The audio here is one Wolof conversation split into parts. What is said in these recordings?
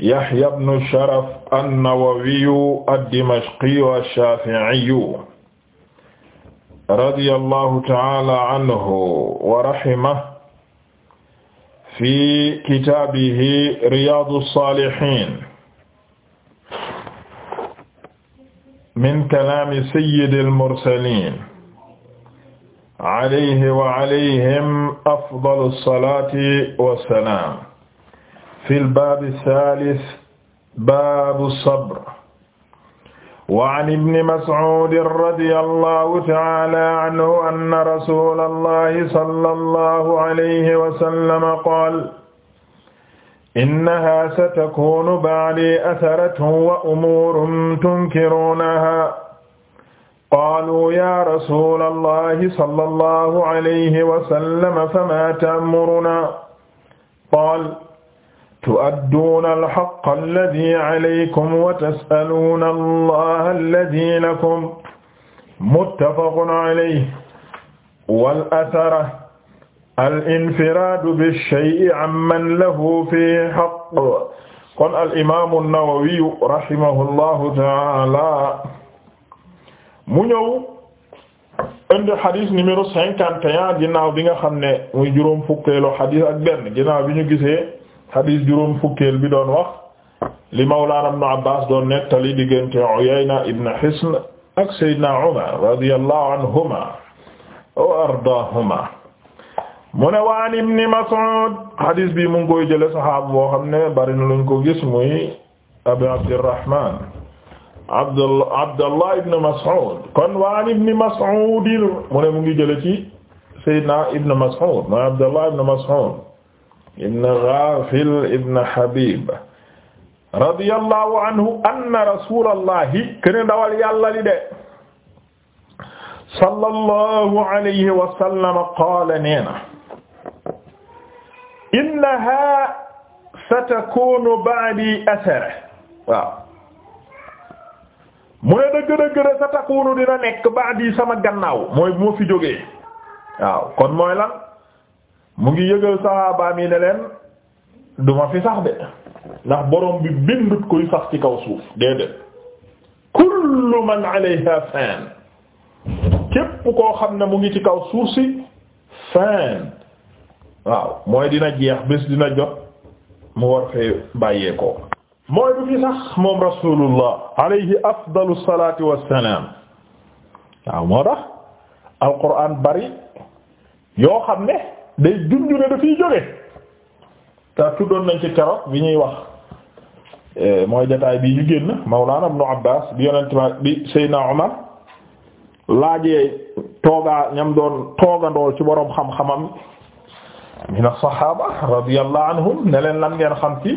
Yahya ibn Sharaf an-Nawawiyu ad-Dimashqiyu ash-Shafi'iyu radiyallahu ta'ala anhu wa rahimahu fi kitaabihi Riyaadu s-Saalihiin min kalaami sayyidil mursaliin alayhi wa alayhim afdalu s-salaati wa s-salaam fi lbaabi saalis baabu sabr wa an ibni mas'uudin radiyallahu ta'aala anhu anna rasuulallahi sallallahu alayhi wa sallam qaala innahaa satakuunu ba'dii atharatun wa umuurun tunkiruunahaa qaaluu yaa rasuulallahi sallallahu alayhi wa sallam famaa ta'murunaa qaala tu'adduuna al-haqqa alladii alaykum wa tas'aluuna allaha alladii lakum muttafaqun alayhi wal athara al-infiraadu bi-shay'i amman lahu fiihi haqq kon al-imaamu an-Nawawi rahimahullahu ta'aala mu ñëw indi xadis numéro cinquante et un ginnaaw bi nga xam ne muy juróom fukkeelu xadis ak benn ginnaaw bi ñu gisee xadiis juróom fukkeel bi doon wax li mawlaana ibnu Abbaas doon nettali diggante Uyayna ibn Hisn ak Seydina Umar radiyallahu anhuma wa ardaahuma mu ne waan ibni Mas'ud xadiis bi mu ngi koy jële saxaaba boo xam ne bari na luñ ko gis muy Abu Abdirrahmaan Abdullah Abdullah ibn Mas'ud kon waan ibni Mas'ud mu ne mu ngi jële ci Seydina ibn Mas'ud mooy Abdullah ibn Mas'ud ibn Ghafil ibn Habib radiyallahu anhu anna rasulallahi kene dawal yàlla li de sallallahu alayhi wa sallam qaala neena innaha satakunu ba'di athara waaw mu ne dëgg-dëgg de satakunu dina nekk ba'di sama gannaaw mooy bu ma fi jógee waaw kon mooy lan mu ngi yëgal saxaabaam yi ne leen duma fi sax de ndax borom bi bindut koy sax ci kaw suuf déedéet kullu man alayha fan képp koo xam ne mu ngi ci kaw suuf si fan waaw mooy dina jeex bés dina jot mu war fee bàyyeekoo mooy du fi sax moom rasulullah alayhi afdalu salatu wassalaam waaw moo tax alquran bari yoo xam ne day junju ne dafiy jóge te tuddoon nañ ci keroog bi ñuy wax eh, mooy jataay bi ñu génn Mawlana Ibnu Abbaas bi yonent bi Seydina Umar laajee toogaa ñam doon toogandool ci boroom xam-xamam min as-sahaaba radiyallahu anhum ne leen lan xam ci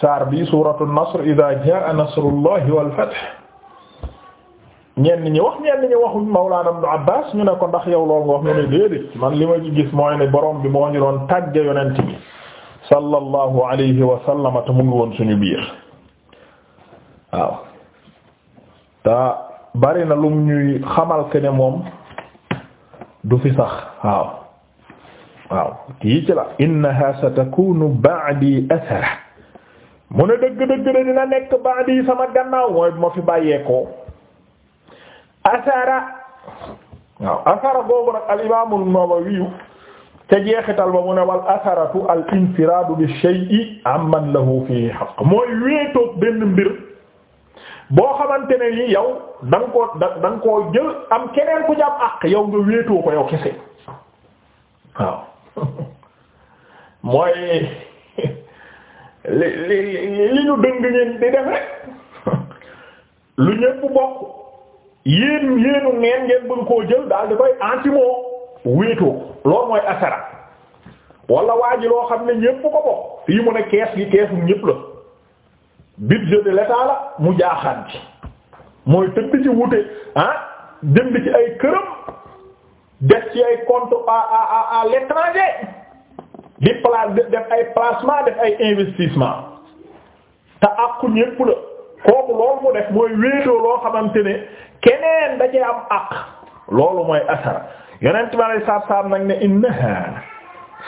saar bi suuratu nasr idaa jaa nasrullahi wal ñenn ñi wax ñenn ñi waxuñ Mawlana Ibn Abbas ñu ne ko ndax yow lool nga wax mu ne déedéet man li ma ci gis mooy ne borom bi moo ñu doon tàgge yonent bi sallallahu alayhi wa te mu ngi woon suñu biir waaw te bari na lu ñuy xamal ke ne moom du fi sax waaw waaw kii ci la innaha satakunu ba'di athara mu ne dëgg dëgg dina nekk ba'di sama gannaaw mooy bu ma fi bàyyeekoo asara waaw asara boobu nag al imaamu Nawawi ca jeexital ba mu ne wal asaratu al infiraadu bi shay'i amman lahu fihi haqq mooy wéetoog benn mbir boo xamante ne ni yow da nga jël am keneen ku jàpp àq yow nga wéetoo ko kese mooy li li li ñu dëng ñeen di def lu ñépp bokk. yéen yéenu neen ngeen bëgg koo jël daal di koy antimoo wéetoo loolu mooy asara wala waa ji loo xam ne ñépp ko bokk fii mu ne kees gi keesu ñépp la budget de l'État la mu jaaxaan ci mooy tëdd ci wute ah jënd ci ay këram def ci ay compte à à à à di place def ay placement def ay investissement te àqu ñépp la kooku loolu mu def mooy wéetoo loo xamante ne keneen da am àq loolu mooy asara yonent bi alay ne innaha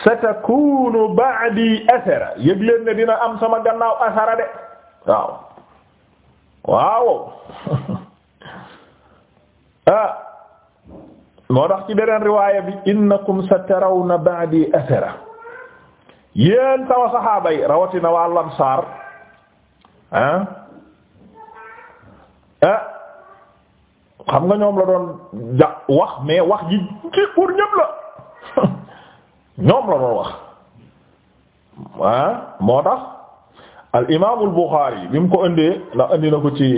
satakunu ba'di asara yëg leen ne dina am sama gannaaw asara de waaw waaw ah moo tax ci beneen riwaaya bi innakum satarawna ba'di athara yéen sama saxaaba yi rawatina waa lamsaar ah Eh? xam nga ñoom la doon ja wax mais wax ji ci pour ñëpp la ñoom la doon wax ah moo tax al imaamul Buxaari bi mu ko indee ndax indi na ko ci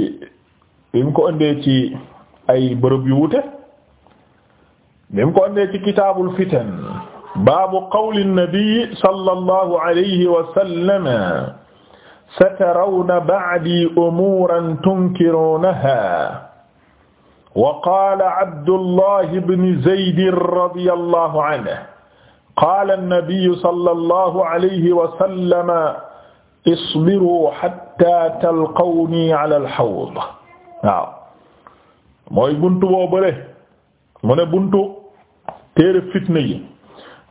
bi mu ko indee ci ay bërëb yu wute bi mu ko indee ci kitaabul fitan baabu qawli nabi sallallahu alayhi wa satarawna ba'dii umuuran tunkiruunahaa wa qaala Abdullahi ibn Zayd radiyallahu anhu qaala nabiyyu sallallahu alayhi wa sallam isbiruu hattaa talqawnii alal hawd waaw mooy buntu boo bëre mu ne buntu téere fitna yi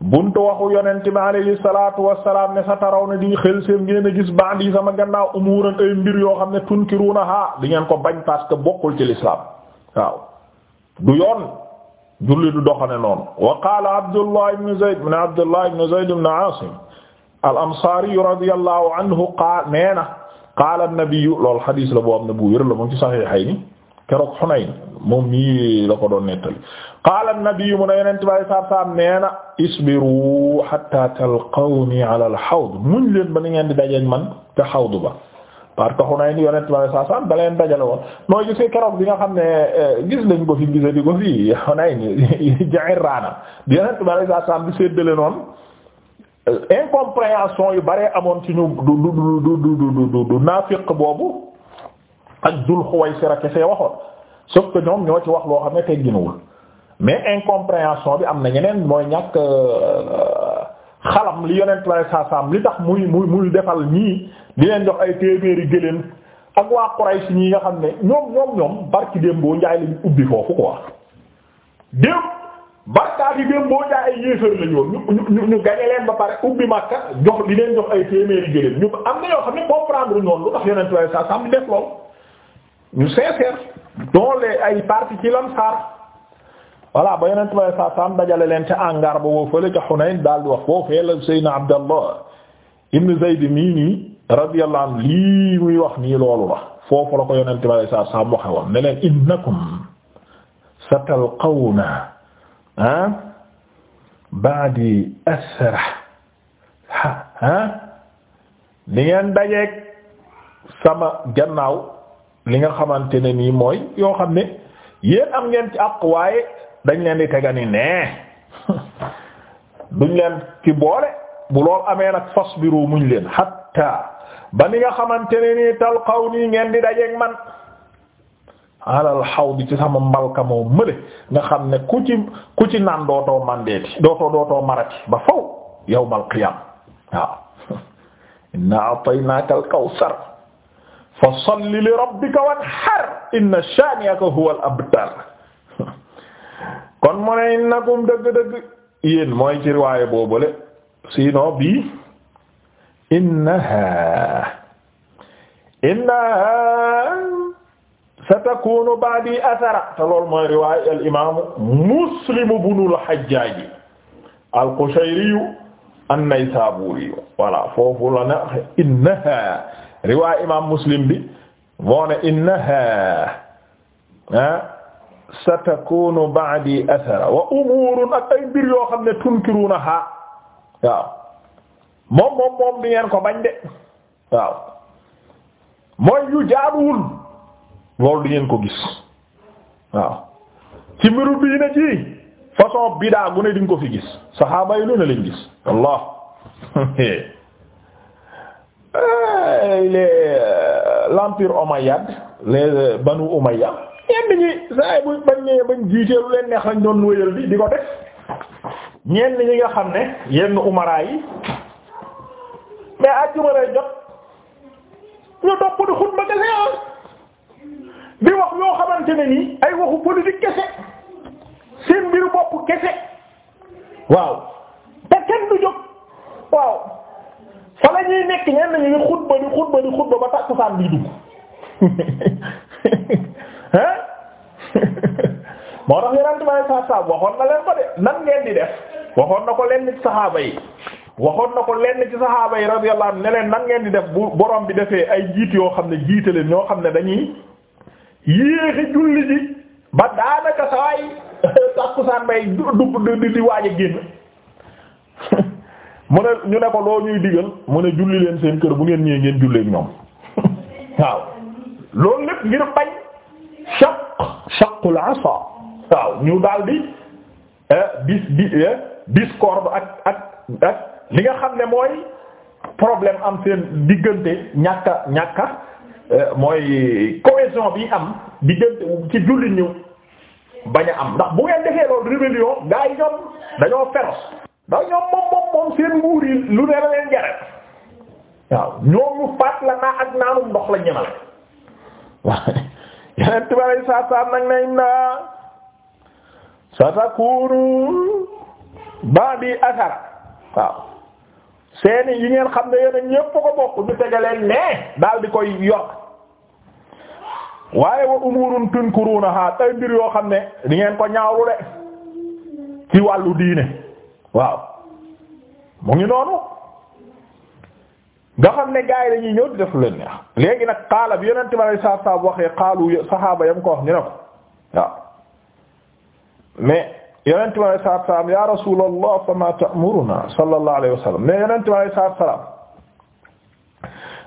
buntu waxu yonent bi alayhi salaatu wassalaam ne sa taraw na di xel seen ngeen a gis bandi yi sama gannaaw umuuran ay mbir yoo xam ne tunkiruuna ha di ngeen ko bañ parce bokkul ci lislaam waaw du yoon julli du doxane noonu wa qaala abdullah ibn zayd min aasim al ansaari radiyallahu anhu qaala nee na qaala an-nabiyyu loolu la bu wér la moom ci saxiixayni keroog Hunayn moom mii la ko doon nettali qaala an-nabi mu ne yonent bi alayhi salaatu salaam nee na isbiru hatta talqawni ala al-hawd muñ ba ni ngeen di dajeeg man te xawdu ba parce que Hunayn yonent bi alayhi salaatu salaam leen dajale woon noo gisee keroog bi nga xam ne gis lañ ko fi gise di ko fi Hunayn Ji'irraana bi yonent bi alayhi salaatu salaam di séddale noonu incompréhension yu bare amoon ci ñu du du du du du du naafiq boobu ak Dul Xuwaysira kese waxoon sauf que ñoom ñoo ci wax loo xam ne tegginuwul mais incompréhension bi am na ñeneen mooy ñàkk euh, xalam li yonent lay saasaam li tax muy muy muy defal ñii di jox ay téeméeri gëléem ak waa Quraysh ñi nga xam ne ñoom ñoom ñoom barki démb boo njaay lañu ubbi foofu quoi di leen jox ay téeméeri gëléem ñu am na yoo xam ne comprendre ñoom def loolu ñu sincère dont les ay parti ci lan saar voilà ba yonent bi saa saam dajale leen ca angar ba boo fële ca Hunayn daal wax foofee la Seydina Abdallah ibn Zayd mii nii radiyallahu lii muy wax nii loolu la foofu la ko yonent bi saa saam waxe woon ne leen innakum ah, asra ah di sama gannaaw li nga xamante ne nii mooy yoo xam ne yéen am ngeen ci àq waaye dañ leen di tegani nee duñ leen ki boole bu lool amee nag fasbiru muñ leen hatta ba ni nga xamante ne nii xaw nii ngeen di dajeeg man alal xaw bi ci sama mbalka moo mële nga xam ne ku ci ku ci naan dootoo mandeeti dootoo dootoo marati ba faw yawmal qiyaam waaw inna ataynaakal kawsar fa salli li rabbika wanhar inna shani'aka huwal abtar kon mu ne innakum dëgg-dëgg yéen mooy ci riwaaye boobule sinon bii innaha innaha satakunu ba'di athara te loolu mooy riwaaye al imaamu muslim ibnul hajjaaj al qushayri an-naysaburi voilà foofu la na innaha riwaay imam muslim bi moo ne innaha satakunu ba'di wa umurun ak ay mbir yoo xam ne tunkirunaha waaw moom moom moom di ko bañ de waaw mooy yu jaaduwul ko gis ci mbiru bii na ci façon bidaa gu ne di nga ko fi gis saxaaba yi lu Euh, les euh, l'empire omeyyade les euh, banu umayya ñenn ñi saa bu bañ ne bañ jiitee lu leen neex lañ doon wéyal bi di ko def ñenn ñi nga xam ne yenn umara yi mais àjjuma jot ñu topp di xutba kese ah di wax yoo xamante ne nii ay waxu politique kese seen mbiru bopp kese waaw te kenn du jóg waaw. fa ñuy nekk ñenn ñi ngi xutba di xutba di xutba ba tàkkusaan bi dugg hein moo tax yeneen tubaab saa saa waxoon na leen ko de nan ngeen di def waxoon na ko lenn ci saxaaba yi waxoon na ko lenn ci saxaaba yi radiyallahu anhu ne leen nan ngeen di def bu borom bi defee ay jiit yoo xam ne jiite leen ñoo xam ne dañuy yéexi julli ji ba daanaka saa yi tàkkusaan du du di waaj a génn. mu ne ñu ne ko loo ñuy digal mu ne julli leen seen kër bu ngeen ñëwee ngeen jullee ak ñoom waaw loolu lépp ngir bañ shaq shaqul asa waaw ñu daldi bis eh, bi eh, discorde ak ak ak li nga xam ne mooy problème am seen diggante ñàkka ñàkk eh, mooy cohésion bi am diggante ci julli ñu bañ a am ndax bu ngeen defee loolu rébellion gaa yi dañoo féroce ndax ñoom moom seen nguur lu ne la leen jaral waaw la naa ak naanum ndox la ñemale waaw yeneen tubaab yi saa saa nag nañ naa sa takunu ba'di seeni yi ngeen xam ne yeneen ñépp ko bokk ñu tegaleen ne daal di koy yokk waaye wa umurun tunkurunaha tay mbir yoo xam ne di ngeen ko ñaawlu de ci wàllu diine waaw mu ngi noonu nga xam ne gars yi dañuy ñëw di def lu leen neex léegi nag xaala bi yonent ma lay saa saa waxee xaalu saxaaba yam ko wax ñu ne ko waaw mais yonent ma lay saa saa ya rasulallah fama ta'muruna sallallahu alayhi wa sallam mais yonent ma lay salaam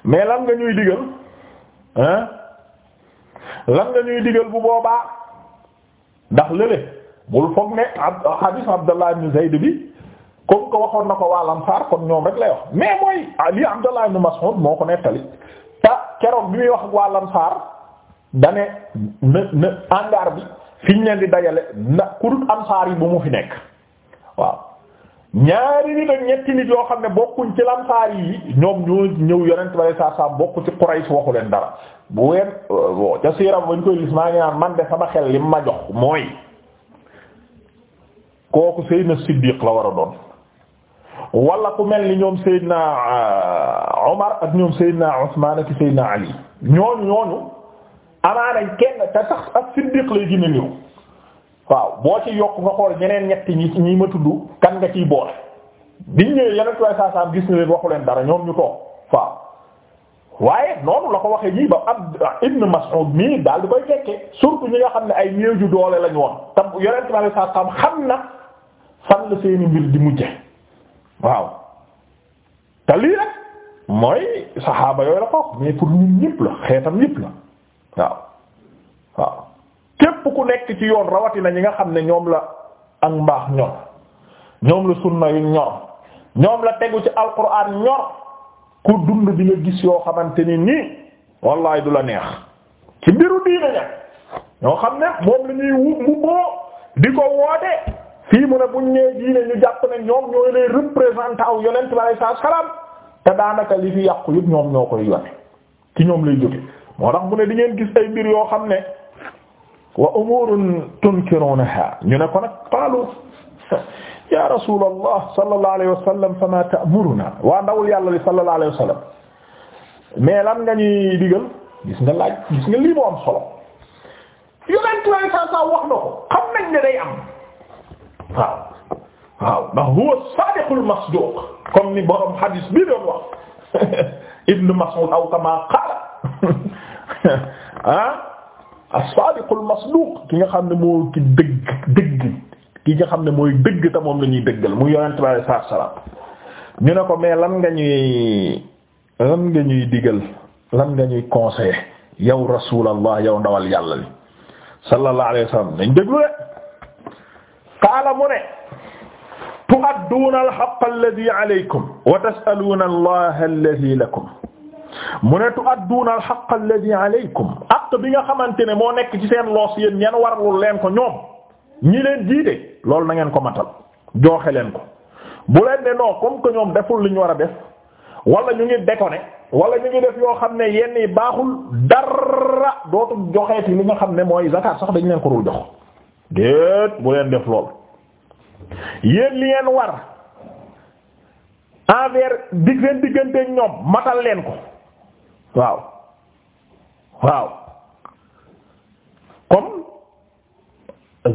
mais lan nga ñuy digal hein lan nga ñuy digal bu boobaa ndax lële bul foog ne ab hadis Abdallah ibn bi. comme ko waxoon na ko waa Lamsaar kon ñoom rek lay wax mais mooy Ali Abdallah ibn Mas'ud moo ko nettali te keroog bi muy wax ak waa Lamsaar da ne na na bi fi leen di dajale na ku dul Ansaar yi bu mu fi nekk waaw ñaari nit ak ñetti nit yoo xam ne bokkuñ ci Lamsaar yi ñoom ñoo ñëw yonent ba saa saa bokk ci Quraysh waxu leen dara bu ween bon ca siiram ba koy gis maa ngi naan man de sama xel li ma jox mooy kooku Seydina Siddiq la war a doon. wala ku mel ni ñoom Seydina euh, Omar ak ñoom Seydina Ousmane ak Seydina Ali ñooñu ñooñu amaanañ kenn te sax ak siddiq lay gën a ñëw waaw boo ci yokk nga xool ñeneen ñetti ñi ñi ma tudd kan nga ciy boole biñ ñëwee yeneen trois cent cent gis na leen waxu leen dara ñoom ñu toog waaw. waaye noonu la ko waxee ñii ba ab Ibn Mas'ud mii daal di koy fekke surtout ñi nga xam ne ay néew ju doole lañ woon tam yorenti ma ne sax xam na fan la seeni mbir di mujje waaw te lii nag mooy saxaaba yooyu la ko mais pour ñun ñëpp la xeetam ñëpp la waaw waaw képp ku nekk ci yoon rawatina ñi nga xam ne ñoom la ak mbaax ñor ñoom la sunna yu ñor ñoom la tegu ci alquran ñor ku dund bi nga gis yoo xamante ni nii wallaay du la neex ci mbiru diine ña ñoo xam ne moom la ñuy wu di ko woote fii mu ne buñ nee diine ñu jàpp ne ñoom ñooy les représentants yonent bi alayhi salaam te daanaka li fi yàqu yëpp ñoom ñoo koy yone ci ñoom lay jóge moo tax mu ne di ngeen gis ay mbir yoo xam ne wa umurun tunkirunaha ñu ne ko nag qaalu ya rasulallah sallallahu alayhi wa sallam fama waa ndawul yàlla li sallallahu alayhi wa lan nga ñuy digal gis nga laaj gis nga lii moo am solo yonent bi salaam wax na ko xam nañ ne day am waaw waaw ndax huwa sadiqul masduq comme ni borom hadis bi doon wax ibn Mas'ud aw kama qala ah as-sadiqul masduq ki nga xam ne moo ki nga xam ne mooy dëgg te moom la ñuy dëggal mu yonent bi alayhi salaam ñu ne ko mais lan nga ñuy lan nga ñuy digal lan nga ñuy conseiller yow rasulallah yow ndawal yàlla li sallallahu alayhi wasallam nañ déglu de qaala mu ne tu'adduuna al-haqqa alladhi alaykum wa tas'aluuna allaha alladhi lakum mu ne tu'adduuna al-haqqa alladhi alaykum aq bi nga xamante ne moo nekk ci seen loos yéen ñan warlul leen ko ñoom ñi leen jiite loolu na ngeen ko matal jooxe leen ko bu leen ne non comme que ñoom deful li ñu war a def wala ñu ngi déconné wala ñu ngi def yoo xam ne yenn yi baaxul dara dootul joxeeti li nga xam ne mooy zakat sax dañ leen ko dul jox déet bu leen def lool yéen li ngeen war envers dig seen digganteeg ñoom matal leen ko waaw waaw comme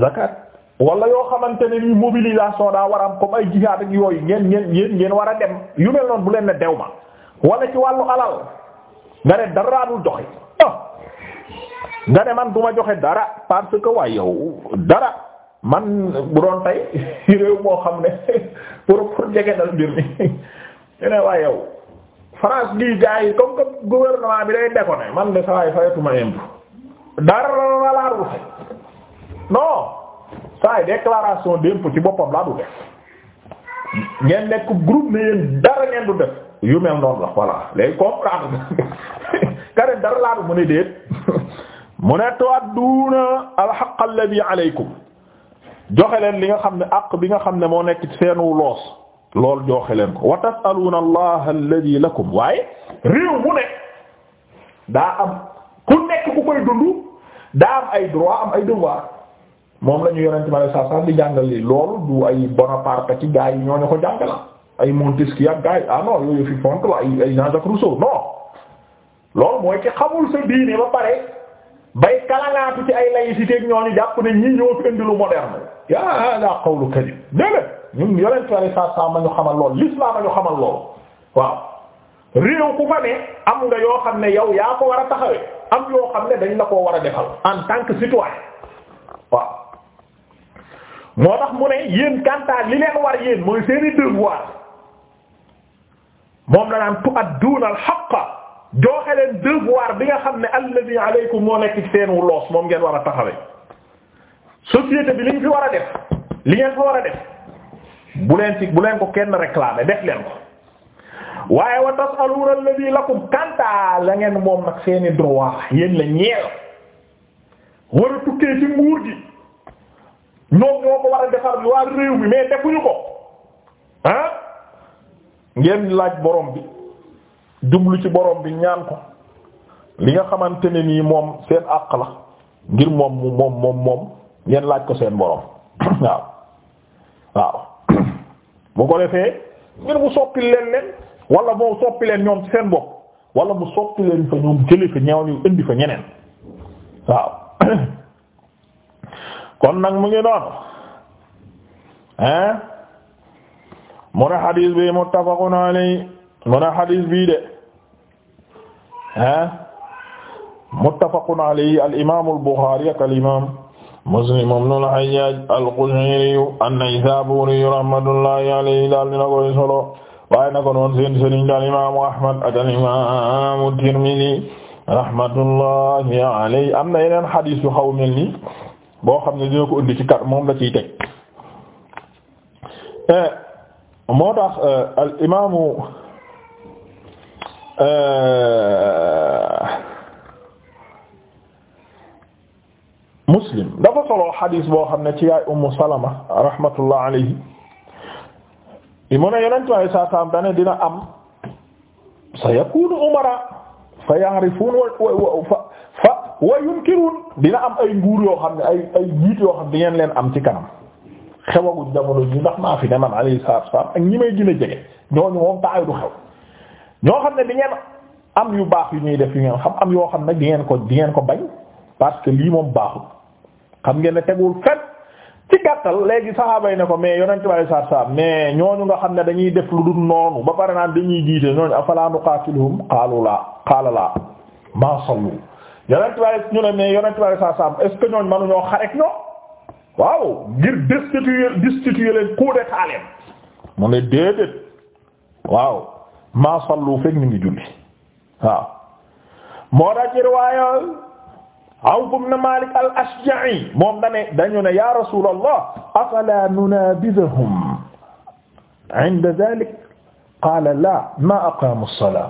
zakat wala yoo xamante ne ni mobilisation daa war am comme ay jihaad ak yooyu ngeen ngeen ngeen ngeen war a dem yu mel noonu bu leen ne dew ma wala ci wàllu alal nga ne dara dul doxe nga ne man du ma joxe dara parce que waaye yow dara man bu doon tey réew moo xam ne pour pour jege dal mbir mi ñu ne waaye yow France gi gars yi comme que gouvernement bi day déconné man de saa yi fayatuma impôt dara la laa dul non saa yi déclaration d'impôt ci boppam laa du def ngeen nekk group ne yéen dara ngeen du def yu mel noonu la voilà léegi comprendre nga ne dara laa du mën a déet. mu ne tu'adduuna al-haqqa alladhi alaykum joxe leen li nga xam ne àq bi nga xam ne moo nekk ci seenu loos lool joxe leen ko wa tas'aluuna allaha alladhi lakum waaye réew mu am ku nekk ku koy dund ay droit ay devoir moom la ñu ma lay di jàngal li du ay Bonaparte ci gaa yi ñoo ne ko jàngal ay Montesquieu ak gaa yi ah non yooyu fi fonk la ay ay Jean-Jacques Rousseau non mooy ki xamul sa diine ba pare. bay kalalaatu ci ay laïcité ñooñu jàpp ne ñi ñoo fi indi lu moderne yaa la qawlu kadib déedéet ñun yonent yàlla saa saa ma ñu xamal lool l'islam ma ñu xamal lool waaw réew ku fa ne am nga yoo xam ne yow yaa ko war a taxawee am yoo xam ne dañ la koo war a defal en tant que citoyen waaw moo tax mu ne yéen kantaa li leen war yéen mooy seeni devoir moom la naan tu'adduuna al-haqqa joxe leen devoir bi nga xam ne alladhi alaykum moo nekk ci seen loos moom ngeen war a taxawee société bi li ñu fi war a def li ngeen fi war a def bu leen ci bu leen ko kenn réclamer def leen ko waaye wa tas'aluna alladhi lakum kanta la ngeen moom nag seeni droit yéen la ñeel war a tukkee ci nguur gi ñoom ñoo ko war a defar bi waa réew mi mais defuñu ko ah ngeen laaj borom bi. jublu ci boroom bi ñaan ko li nga xamante ne nii moom seen àq la ngir moom moom moom moom ngeen laaj ko seen borom waaw waaw bu ko defee ngir mu soppi leen leen wala moo soppi leen ñoom ci seen bopp wala mu soppi leen fa ñoom jële fa ñaaw ñu ñeneen waaw kon nag mu ngi noonu hein mu ne xadiis bi muttafaqun alayhi mu ne xadis bii de ah muttafaqun alayhi al imaam al buxaari ak al imaam muslim ibn al hajjaaj al qushayri an-naysaabuuri rahmatullahi alayhi daal dina koy solo waaye na ko noon seen sëriñ daal imaamu ahmad ak al imaamu tirmidi rahmatullahi alayhi am na yeneen xadis yu xaw mel ni boo xam ne dina ko indi ci kat moom la ciy teg eh, moo tax eh, al imaamu Euh, muslim dafa solo xadiis boo xam ne ci yaay ummu salama rahmatullah alayhi mu ne yonentu ay saa saam dina am sa yakunu umara fa ya'rifun wa yunkirun dina am ay nguur yoo xam ne ay ay jiit yoo xam ngeen leen am ci kanam xewagu jamono ji ndax maa fi ne man alayhi salaatu wa salaam ak ñi may gën a jege ñooñu moom taay du xew ñoo xam ne bi ngeen am yu baax yu ñuy def yu ngeen xam am yoo xam ne di ngeen ko di ngeen ko bañ parce que lii moom baaxul xam ngeen ne tegul fet ci gàttal léegi saxaaba yi ne ko mais yonent bi sallallahu alayhi wasallam mais ñooñu nga xam ne dañuy def lu dul noonu ba pare naan dañuy jiite ñooñu afala nuqatiluhum qaalu laa qaala laa ma sallu yonent bi sallallahu ñu ne mais yonent bi sallallahu alayhi wasallam est-ce que ñooñu mënu ñoo xarek ñoo waaw ngir destituer destituer leen coup d'état leen mu ne déedéet waaw maa sallu fekk ñu ngi julli waaw moo tax ci riwaaya Awf ibn Malik al-Ashja'i moom dane dañu ne ya Rasulallah afala nunaabidhahum inda dhalik qaala la ma aqaamu as-salaa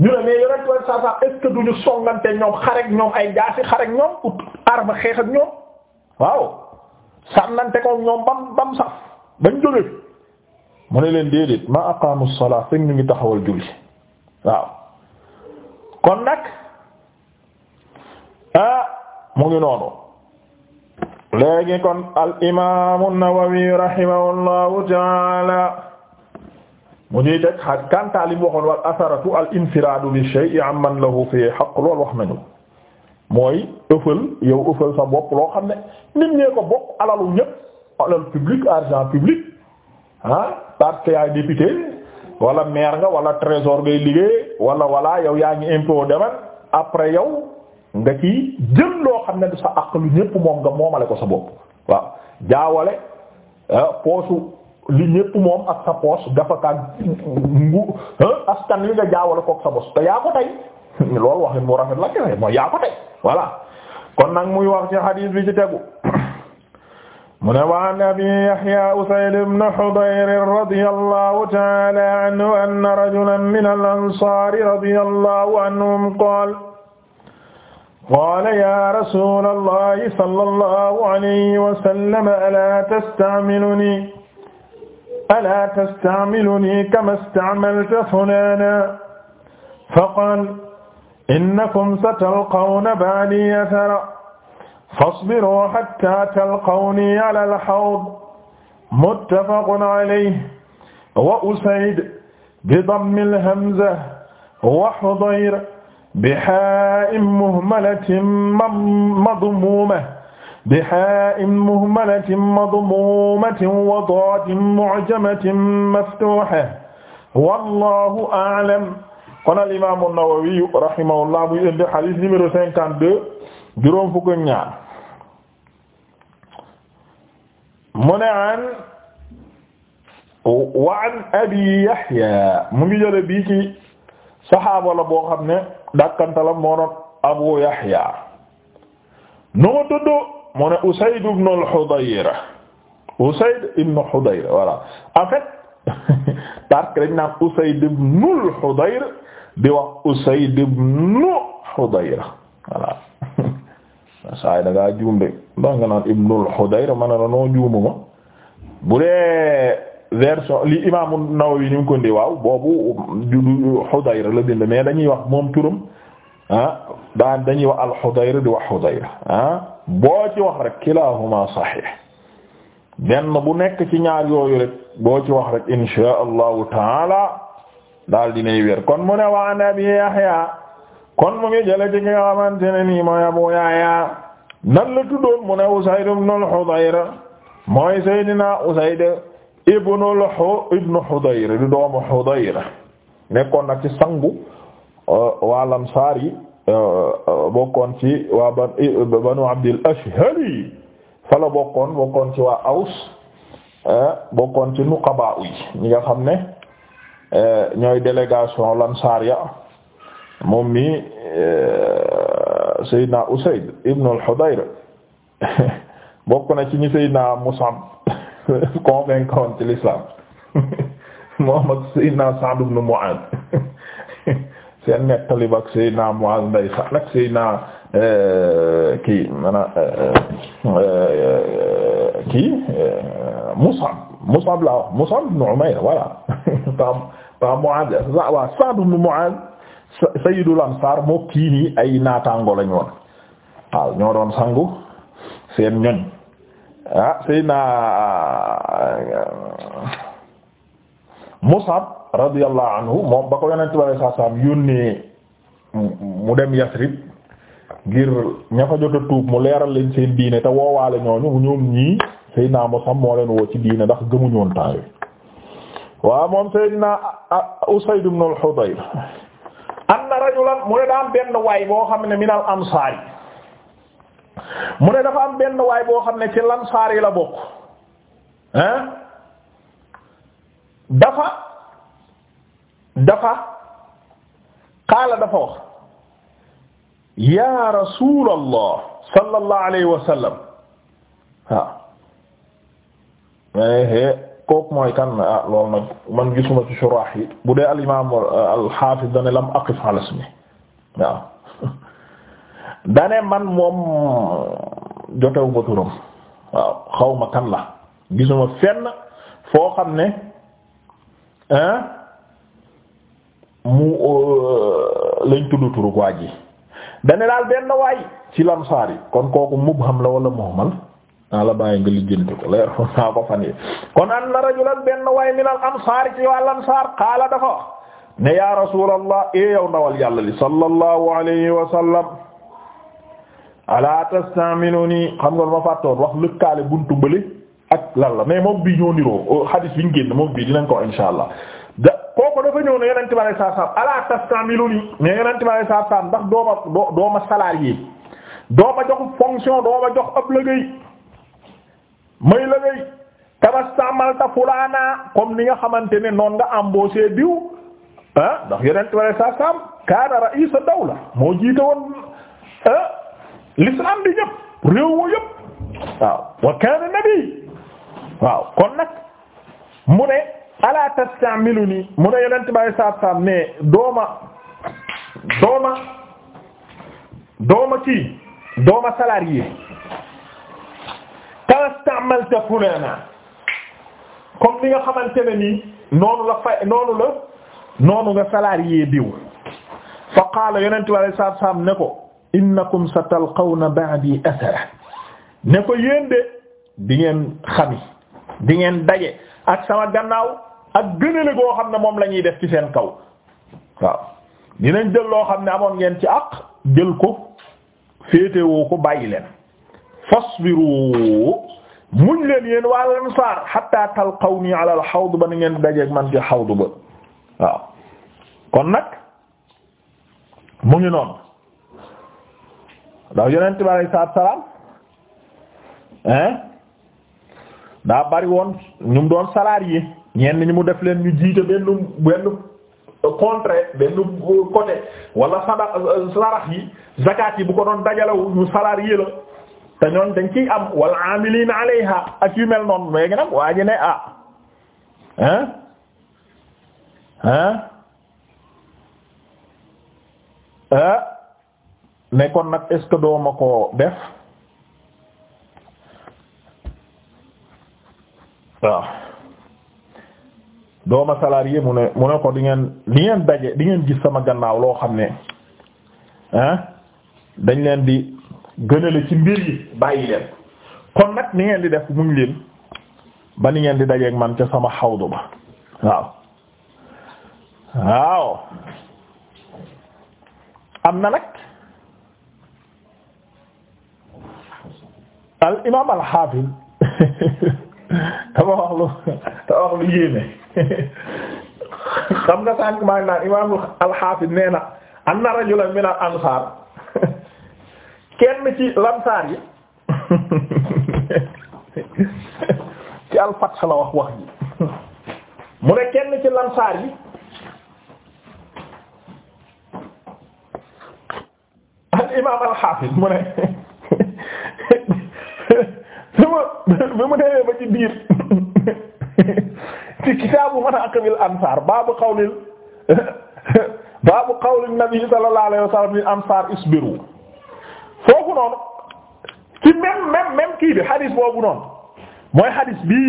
ñu ne mais yore tuuti saa saa est ce que du ñu songante ñoom xarek ñoom ay jaasi xarek ñoom ut arme xeex ak ñoom waaw sànnante ko ñoom bam bam sax bañ jógee mu ne leen déedéet ma aqaamu salaa fekk ñu ngi taxawal julli waaw kon nag ah mu ngi noonu léegi kon al imaamu Nawawi rahimahullahu taala mu ñuy teg xa kantaal yi mu waxoon wal asaratu al infiraadu bi shay'i amman lahu fi haqq lool wax nañu mooy ëffal yow ëffal sa bopp loo xam ne nit ñee ko bokk alalu ñëpp alal public argent public ah, parce que yaay député wala maire nga wala trésor ngay liggéey wala wala yow yaa ngi impôt demal après yow nga ci jël loo xam ne sa àq lu ñépp moom nga moomale ko sa bopp waaw jaawale ah, poosu li ñépp moom ak sa poos gafakaak ngu ah, askan li nga jaawale kook sa bos te yaa ko tey loolu waxin mu rafet la kese mooy yaa ko tey voilà kon nag muy wax ci hadith bi ci tegu mu ne waan abi yahya usayd ibn hudayr radiyallahu ta'ala anhu anna rajulan min al-ansar radiyallahu anhum qala qaala yaa rasuulallahi sallallahu alayhi wa sallam alaa tasta'milunii alaa tasta'milunii kamaa ista'malta fulaanan faqaala innakum satalqawna ba'dii atharan fasbiru hatta talqawni ala al-hawd muttafaqun alayhi wa usayd bi dammi al-hamza wa hudayr bi haa'in muhmalatin madmuumatin bi haa'in muhmalatin madmuumatin wa daadin mu'jamatin maftuuhatin wallaahu a'lam. Qaala al-imaam an-Nawawi rahimahullah muy indi hadiis numéro 52 juróom fukk ñaar mu ne an wa an abi yahya mu ngi jële bii ci saxaaba la boo xam ne dàkkantalam moo doon abu yahya nu mu tudd mu ne usayd ibn al-hudayra usayd ibn hudayra voilà en fait parce que dañ naan usayd ibn al saay da ngaa juum de ndax nga naan Ibnul Hudayr ma ne la noo juumu ma bu dee version li imaamu Nawawi ni mu ko ndi waaw boobu judu Hudayr la bind mais dañuy wax moom turam ah daan dañuy wax al Hudayr di wax Hudayr ah boo ci wax rek kilahuma sahih benn bu nekk ci ñaar yooyu rek boo ci wax rek insha allahu taala daal dinay wér kon mu ne wa an Abi kon mu ngi jële ci ki nga xamante nii mooy Abu Yahya nan la tuddoon mu ne Usayd ibn al mooy Seydina Usayd ibn al-Hudayr di doomu Hudayr nekkoon nag ci sangu euh, waa Ansaar euh, bokkoon ci waa Banu Abdil Ashhali fala bokkoon bokkoon ci waa Aws euh, bokkoon ci nuqaba yi ñi nga xam ne ñooy délégation Ansaar ya moom mi e, Seydina Usayd ibn al-Hudayr bokk na ci ñi Seydina Mus'ab convaincre woon ci l'islam moom ak Seydina Sa'd ibn Mu'adh seen nettali ba ak Seydina Mu'adh nday sax nag Seydina e, kii mana e, kii Mus'ab Mus'ab la wax Mus'ab ibn Umayr voilà pa pa Mu'adh wa Sa'd ibn Mu'adh sayyidul ansar moo kii nii ay naataango lañ woon waaw ñoo doon sangu seen ñoñ ah sayyidina uh, Musab radiyallahu anhu moom ba ko yonent bi sallallahu alayhi yónnee mu dem Yasrib ngir ña a tuub mu leeral leen seen diine te woowaale ñooñu ñoom ñii sayyidina Musab moo leen woo ci diine ndax gëmuñu woon temps yooyu waaw moom sayyidina uh, Usayd ibn al-Hudayr rajulan mu ne daa benn waay boo xam ne minal ansaar yi mu ne dafa am benn waay boo xam ne ci lansaar yi la bokk hein dafa dafa qaala dafa wax ya rasulallah sallallahu alayhi wa sallam waaw eh, eh. kooku mooy kan ah nag man gisuma ci shuraax yi bu dee al imaam euh, al xaafis dane lam aqif ala ismi waaw dane man moom jotewu ba turam waaw xawma kan la gisuma fenn foo xam ne mu euh, lañ tudd turu waa ji dane daal benn waay ci lansaar yi kon kooku mubham la wala muhmal naa la bàyyi nga lijjanti ko leer kon an rajulan benn waay min al ansaar ci wal ansaar qaala dafa ne ya rasuulallah e yow ndawal yàlla li sallallahu alayhi wa sallam ala tastamiluni xam nga wax lëkkaale buntu bële ak lan la mais moom bi ñoo niroo hadis euh, bi génn moom bii ko insha allah da kooku dafa ñëw ne yonente bi alei sat salam ala tastamiluni mais yonente ndax dooma dooma dooma jox fonction dooma jox ab may la ngay tabastamalta fulaana comme ni nga xamante ne noon nga embauché diw ah ndax yonent ware sa sam kaana raisa dawla moo jiite woon ah, l'islam bi ñëpp réew wa yëpp waaw wa nabi waaw kon nag mu ne ala tastamiluni mu ne yonent bari sa sam ne dooma dooma dooma kii dooma salarié kastamalta fulana comme li nga xamante ne nii noonu la fay noonu la noonu nga salarié diw fa qaala yonent bi alayhi salaatu salaam ne ko sa satalqawna ba'di athara ne ko yéen bi ngeen xami di ngeen daje ak sama gannaaw ak gënale goo xam ne moom lañuy def ci seen kaw waaw dinañ jël loo xam ne amoon ngeen ci àq jël ko féetewoo ko bàyyi leen fasbiru muñ leen yéen waa lansaar hatta talqawni ala al hawd ba ni ngeen dajeek man ci hawd ba waaw kon nag mu ngi noonu ndax yonent bi alayhi salaatu salaam hein daa bari woon ñu mu doon salarié ñenn ñi mu def leen ñu jiite benn benn contre benn côté wala sarax yi zakat yi bu ko doon dajalewu ñu salarié la te ñoon dañ ciy am wal amilina alayha ak yu mel noonu léegi nag waa ji ne ah hein hein ne kon nag est-ce dooma ko def waaw dooma salarié mu ne mu ne ko di ngeen di ngeen daje di ngeen gis sama gannaaw loo xam ne hein dañ leen di gënale ci mbir yi bàyyi leen kon nag ni ngeen di def muñ leen ba ni ngeen di dajeeg man ca sama xawdu ba waaw waaw am na nag al imaam al xaafis dafa wax lu dafa wax lu yéeme xam nga sànq maa imaam al xaafis nee na anna rajulan al ansaar kenn ci lamsaar yi ci alfath la wax wax ji mu ne kenn ci lamsaar yi al imaam al xaafis mu ne bi ma bi mu demee ba ci biir ci kitaabu manaaqibil ansaar baabu qawlil baabu qawlin nabi sallallahu alayhi wa sallam lil ansaar isbiru kooku noonu ci même même même kii bi hadis boobu noonu mooy hadis bii